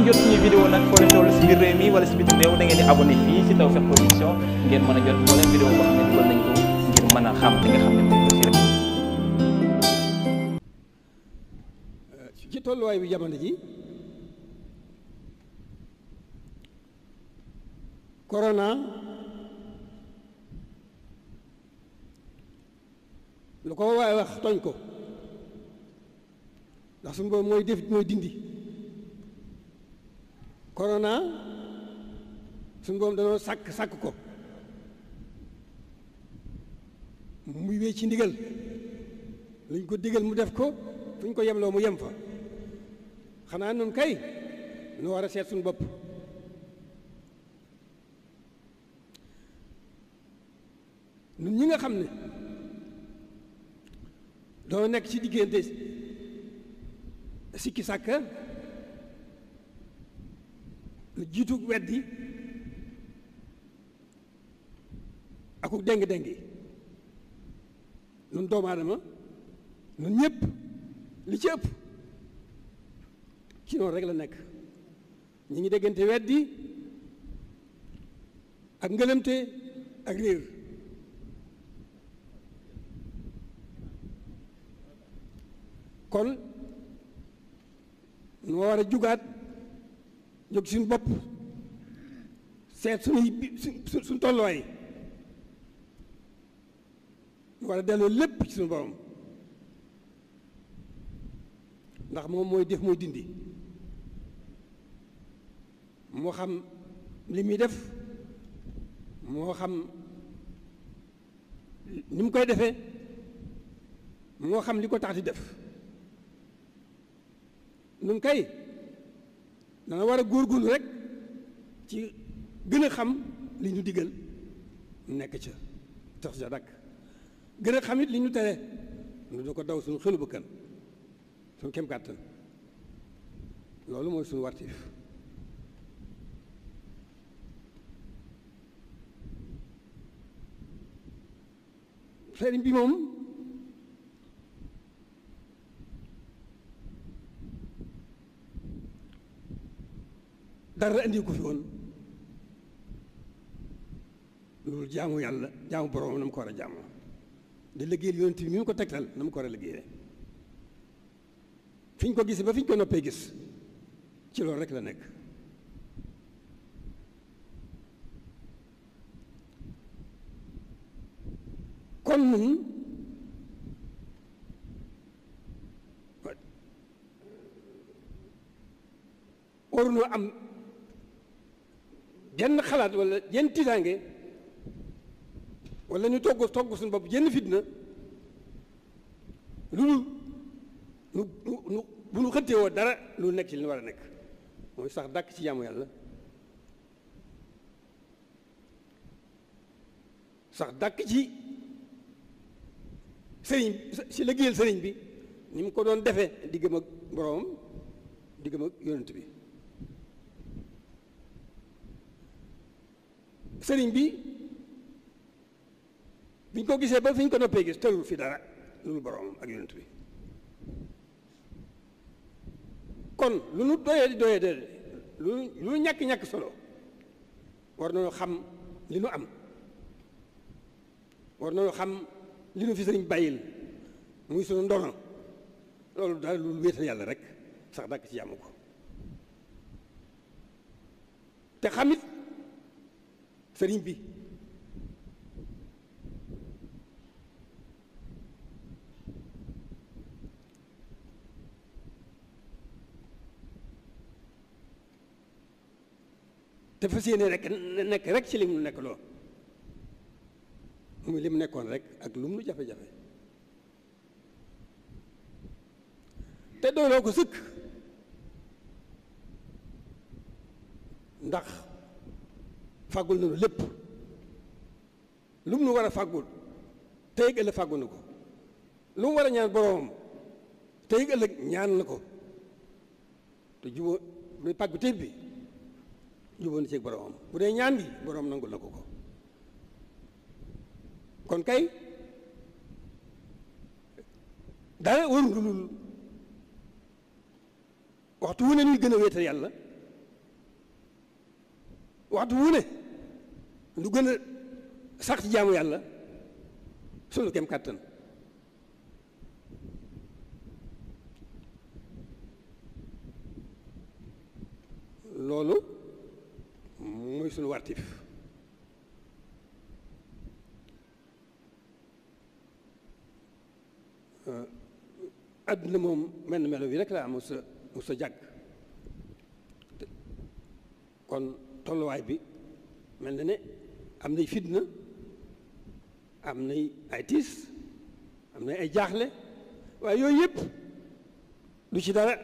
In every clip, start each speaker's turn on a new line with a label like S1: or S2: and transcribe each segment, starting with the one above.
S1: ngeen suñu vidéo nag wala si biti réew da ngeen di abonné fii a jot nañ ko a xam ci tolluwaay bi jamono ji korona lu ko waay wax tooñ ko ndax suñu boobu mooy def mooy dindi. corona su ngoom danoo sàkk sàkk ko mu wéy ci ndigal luñ ko digal mu def ko fu ñu ko yemloo mu yem fa xanaa nun kay nu war a seet suñu bopp nun ñi nga xam ne doo nekk ci diggante sikki sàkka lu jiitu weddi aku déng-déng nun doomu aadama nun ñëpp li ci ëpp ci noonu la nekk ñi ngi déggante weddi ak ngëlëmte ak réer kon nu war a jugaat jóg suñu bopp seet suñuy suñ tolluwaay ñu war a delloo lépp ci suñu borom ndax moom mooy def mooy dindi moo xam li muy def moo xam ni mu koy defee moo xam li ko tax di def nun kay dana war a góorgóorlu rek ci gën a xam li ñu digal nekk ca tax ja dakk gën a xam it li ñu tere nu du ko daw suñu xelu bëkkan suñu kem kàttan loolu mooy suñu wartiif sëriñ bi moom dara indi ko fi woon jaamu yàlla jaamu boroomam na mu ko war a jaamoo di liggéeyal yonent bi mi mu ko tegtal na mu ko war a liggéeyee fi ñu ko gisee ba fi ñu ko noppee gis ci loolu rek la nekk kon nun waruñoo am jenn xalaat wala jenn tiitaange wala ñu togg togg suñu bopp jenn fitna lu nu nu bu nu xëttee woo dara lu nekk ci li war a nekk mooy sax dàkk ci jaamu yàlla sax dàkk ci sëriñ si liggéeyal sëriñ bi ni mu ko doon defee diggam ak boroomam diggam ak yonent bi sëriñ bi biñ ko gisee ba fi ñu ko noppee gis tëlul fi dara lu boroomam ak yonent bi kon lu nu doyee di doyee de lu lu ñàkk-ñàkk solo war nañu xam li nu am war nañu xam li nu fi sëriñ bàyyil muy sunu ndono loolu daal lu wéetal yàlla rek sax dàkk ci yàmm ko te xamit sëriñ bi te fas yéene rek nekk rek ci li mu nekk loo muy li mu nekkoon rek ak lu mu nu jafe-jafe te dooloo ko sëkk ndax fàggul nañu lépp lu mu nu war a fàggul tey ëllëg fàggu ko lu mu war a ñaan boroomam tey ëllëg ñaan na ko te jubóo muy pàgg téef bi jubóo na ci boroomam bu dee ñaan bi boroom nangul na ko ko kon kay dara warul lu lul waxtu wu ne ñuy gën a wéetal yàlla waxtu wu ne lu gën a sax ci jaamu yàlla sunu kem kàttan loolu mooy sunu wartif euh, àdduna moom mel na melo bi rek laa mu sa mu sa jàgg kon tolluwaay bi mel na ne am nay fitna am nay ay tiis am nay ay jaaxle waaye yooyu yëpp du ci dara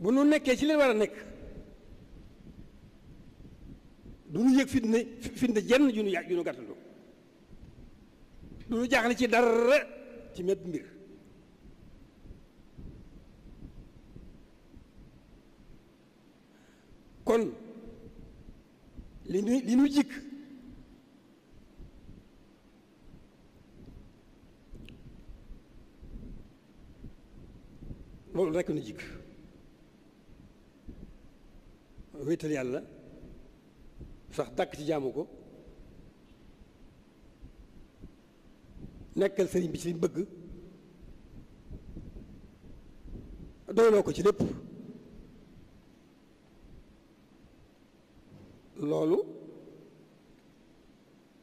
S1: bu nu nekkee ci leen war a nekk du nu yëg fitna fitna jenn ju nu yàgg ju nu gàttandu du nu jaaxle ci dara ci mépp mbir kon li nu li nu jikk loolu rekk nu jikk wéetal yàlla sax dàkk ci jaamu ko nekkal sëriñ bi ci li bëgg doyloo ko ci lépp loolu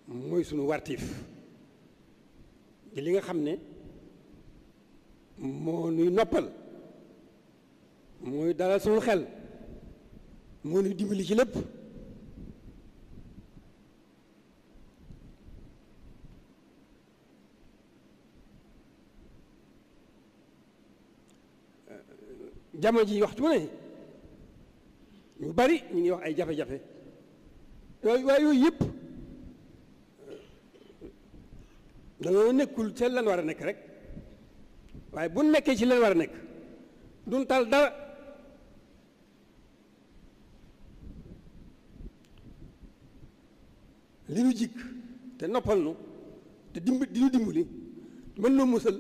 S1: mooy suñu wartiif di li nga xam ne moo nuy noppal mooy dalal sunu xel moo nuy dimbali ci lépp jamono ji waxtu ne ñu bari ñu ngi wax ay jafe-jafe yooyu waaye yooyu yëpp dañoo nekkul ca lan war a nekk rek waaye bu nekkee ci lan war a nekk duñ tal dara li ñu jikk te noppal nu te dimb di ñu dimbali mën noo musal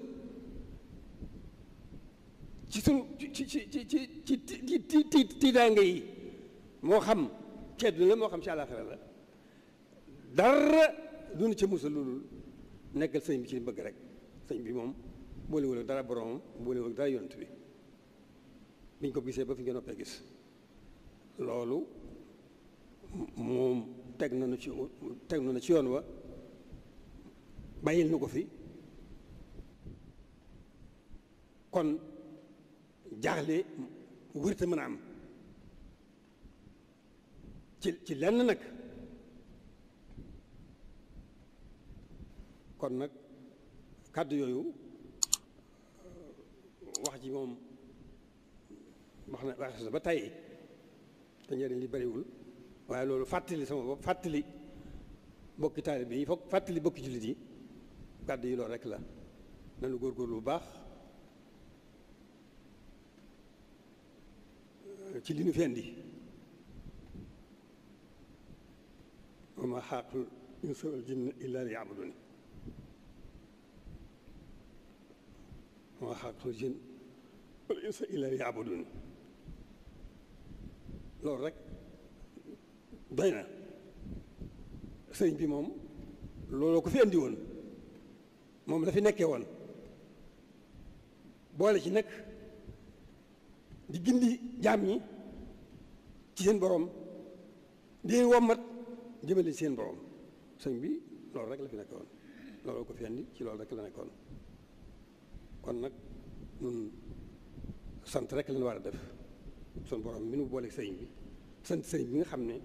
S1: ci sunu ci ci ci ci ci tiitaange yi moo xam ci àdduna la moo xam ci àllaaxira la dara ci ca musa loolu nekkal sëñ bi ci bëgg rek sëñ bi moom boolewul ak dara boromam boole ak dara yonent bi biñ ko gisee ba fi nga noppee gis loolu moom teg nañu ci teg nañu ci yoon wa bàyyil na ko fi kon jaaxle wërta mën a am ci ci lenn nag kon nag kàddu yooyu wax ji moom wax na wax ba tey te njëriñ li bariwul waaye loolu fàttali sama bopp fàttali mbokki taalib yi foog fàttali mbokki jullit yi kàdd yi loolu rek la nanu góorgóorlu bu baax ci li nu fendi wa a xalaqtul insa wal jinna illaa liya'buduun wa maa xalaqtul jinna wal insa illaa liya'buduun loolu rek doy na sëñ bi moom looloo ko fi andi woon moom la fi nekkee woon boole ci nag di gindi jaam ñi ci seen boroom di wommat jëmale seen borom sëñ bi loolu rek la fi nekkoon loolu ko fi andi ci loolu rek la nekkoon kon nag ñun sant rek lañ war a def suñ borom mi boole sëñ bi sant sëñ bi nga xam ne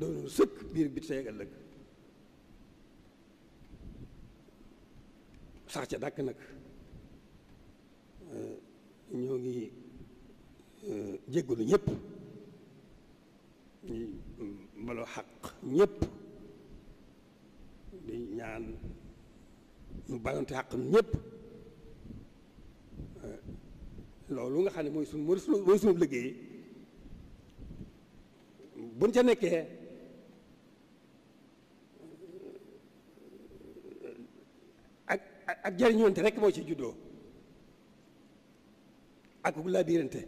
S1: doon sëkk biir bi tey ëllëg sax ca dàkk nag eh, ñoo ngi eh, jéggalu ñëpp. malu xaq ñépp di ñaan ñu bàyyonte xaq ñépp eh, loolu nga xam ne mooy suñu mooy suñu mooy suñu liggéey buñ ca nekkee eh, ak ak jariñoonte rek moo ci juddoo ak ku laabirante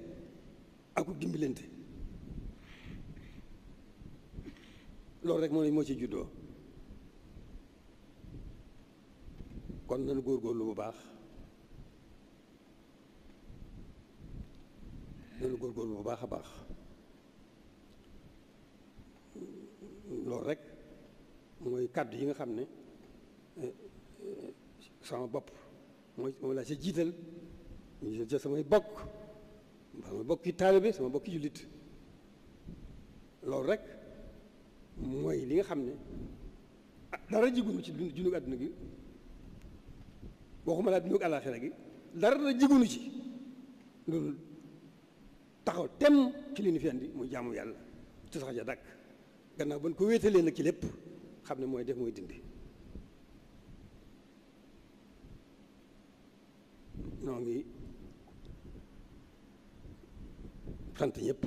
S1: ak ku dimbilante loolu rek moo lañ moo ci juddoo kon nañu góorgóorlu bu baax nañu góorgóorlu bu baax a baax loolu rek mooy kàddu yi nga xam ne eh, sama bopp mooy moom laa sa jiital ñu ca samay bokk sama bokki taalibe sama bokki jullit loolu rek mooy li nga xam ne dara jigunu ci dund junug àdduna gi waxuma laa junug àllaaxira gi dara dara jigunu ci loolu taxaw tem ci li ñu fi jaamu yàlla te sax ja dàkk gannaaw ba ñu ko wéetalee nag ci lépp xam ne mooy def mooy dindi noo ngi sant ñëpp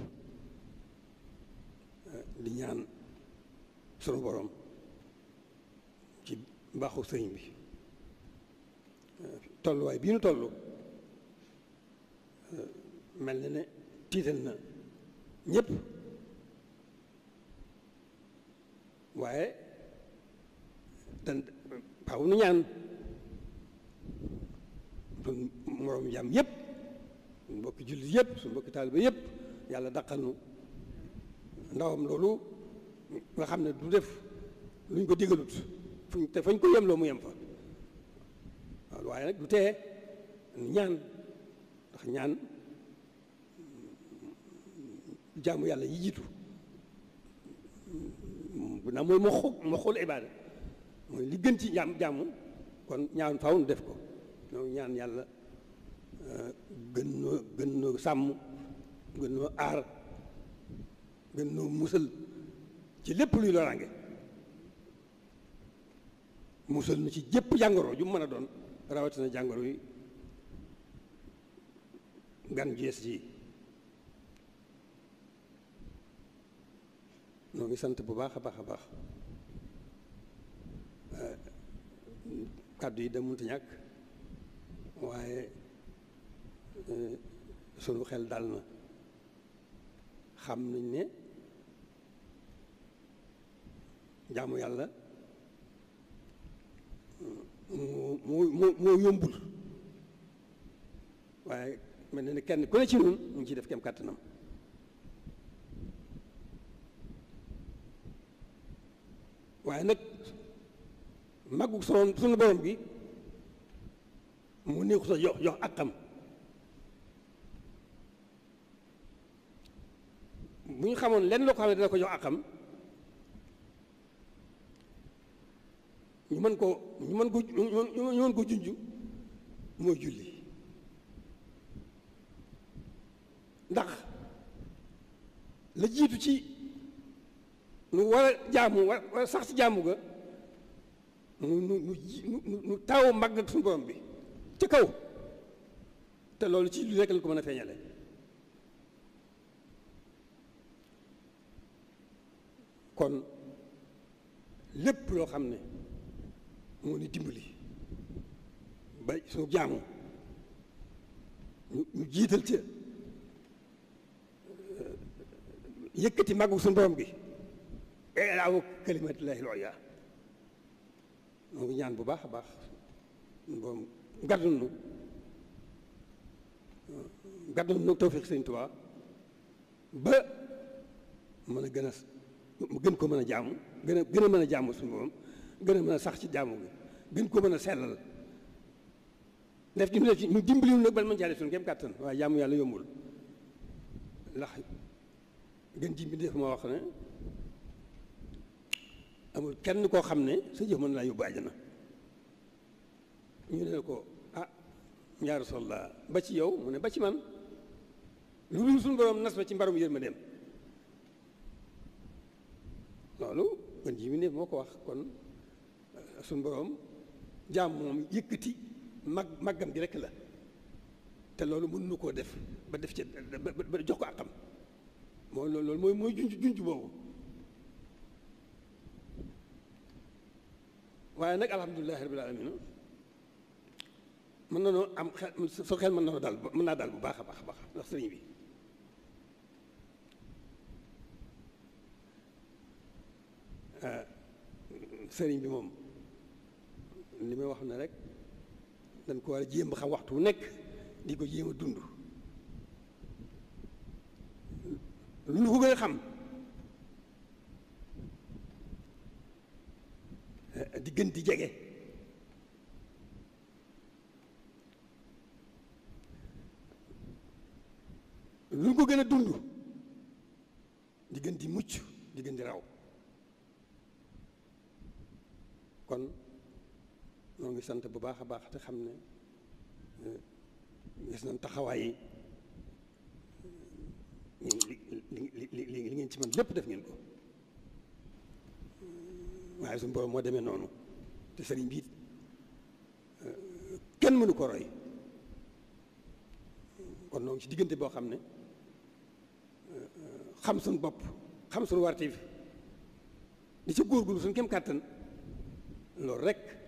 S1: di ñaan sunu borom ci mbaaxu sëriñ bi tolluwaay bii nu toll mel na ne tiital na ñëpp waaye dan faaw nu ñaan sun moroom jàmm yëpp suñu mbokki jullit yëpp suñu mbokki taaliba yëpp yàlla daqal ndawam loolu nga xam ne du def luñ ko digalut fuñ te fañ ko yemloo mu yem fa waaw waaye nag du tee ñaan ndax ñaan jaamu yàlla yi jiitu bu naa mooy moo xoog ibaada mooy li gën ci jaam jaamu kon ñaan faw nu def ko ñoo ñaan yàlla euh, gën noo gën noo sàmm gën noo aar gën noo musal ci lépp luy loraange musal na ci jëpp jàngoro ju mën a doon rawatina jàngoro yi gan jees ji moo ngi sant bu baax a baax a baax eh, kàddu yi da mënta ñàkk waaye eh, sunu xel dal na xam nañ ne jaamu yàlla moo moo moo yombul waaye mel na ne kenn ku ne ci ñun mu ngi ciy def kem kàttanam waaye nag màggu son sunu borom bi mu neexu sa jox jox xam bu ñu xamoon lenn loo ko xam ne dina ko jox akam ñu mën ko ñu mën ko ñu mën ko junj mooy julli ndax la jiitu ci nu war a jaamu war sax ci jaamu ga nu nu nu nu taaw màgg bi ca kaw te loolu ci lu rekk lañ ko mën a feeñale kon lépp loo xam ne moo ni dimbali ba suñu jaamu ñu jiital ca euh, yëkkati màggu suñu borom gi eelaawu kalimatullahi looya moo ngi ñaan bu baax a baax borom gàddunu euh, gàddunu nag tawfiq sëñ Tuubaa ba mën a gën a gën ko mën a jaamu gën a gën a mën a jaamu suñu gën a mën a sax ci jaamu bi gën koo mën a sellal def ci ñu def ci ñu dimbaliwul nag ban mën caa def suñu kéem kàttan waaye jaamu yàlla yombul ndax gën ji bi def moo wax ne kenn koo xam ne sa jëf yóbbu àjjana ñu ne ko ah yaa Rasulallah ba ci yow mu ci man lu dul suñu borom ci mbarum yër ma dem bi ne moo ko wax kon su boroom jaam moom yëkkati mag màggam gi rekk la te loolu mën koo def ba def ci ba jox ko àqam moo loolu mooy mooy junj junj boobu waaye nag alhamdulilahi rabbil alamin mën na noo am xel soo xel mën na noo daal mën naa daal bu baax a baax a baax ndax sëriñ bi ah, sëriñ bi moom li may wax ne rek dañ ko war a jéem ba xam waxtu wu nekk di ko jéem a dund lu nu ko gën a xam eh, di gën di jege lu nu ko gën a dund di gën di mucc di gën di raw kon ñoo ngi sant bu baax a baax te xam ne eh, gis nañ taxawaay yi li ngeen ci man lépp def ngeen ko waaye suñu borom moo demee noonu te sëriñ bi eh, kenn mënu ko roy kon noo ci diggante boo xam ne eh, xam suñu bopp xam suñu warteef di ca góorgóorlu suñu kem kàttan loolu rek.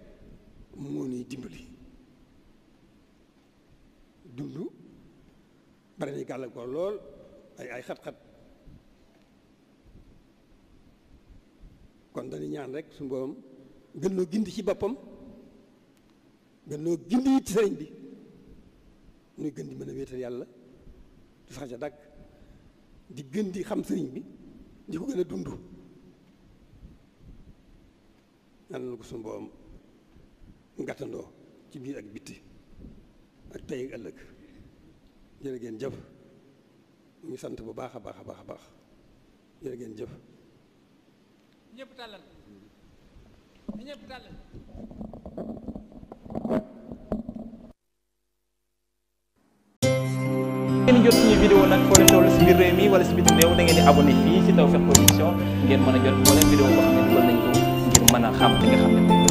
S1: moo ñuy dimbali dund bari nañu gàllankoor lool ay ay xat-xat kon dañu ñaan rek su borom gën loo gindi ci boppam gën loo gindi ci sëriñ bi nuy gën di mën a wéetal yàlla di sax ca dàkk di gën di xam sëriñ bi di ko gën a dund yàlla na ko su borom gàttandoo ci biir ak bitti ak tey ak ëllëg jërë ngeen jëf ñu sant bu baax a baax a baax a baax jërë jëf. ñëpp tàllal ñëpp tàllal. ngeen si biir réew mi wala si bitim réew da di abonné fii si Tawfekh Production ngeen mën a jot moo ngir mën a xam li nga xam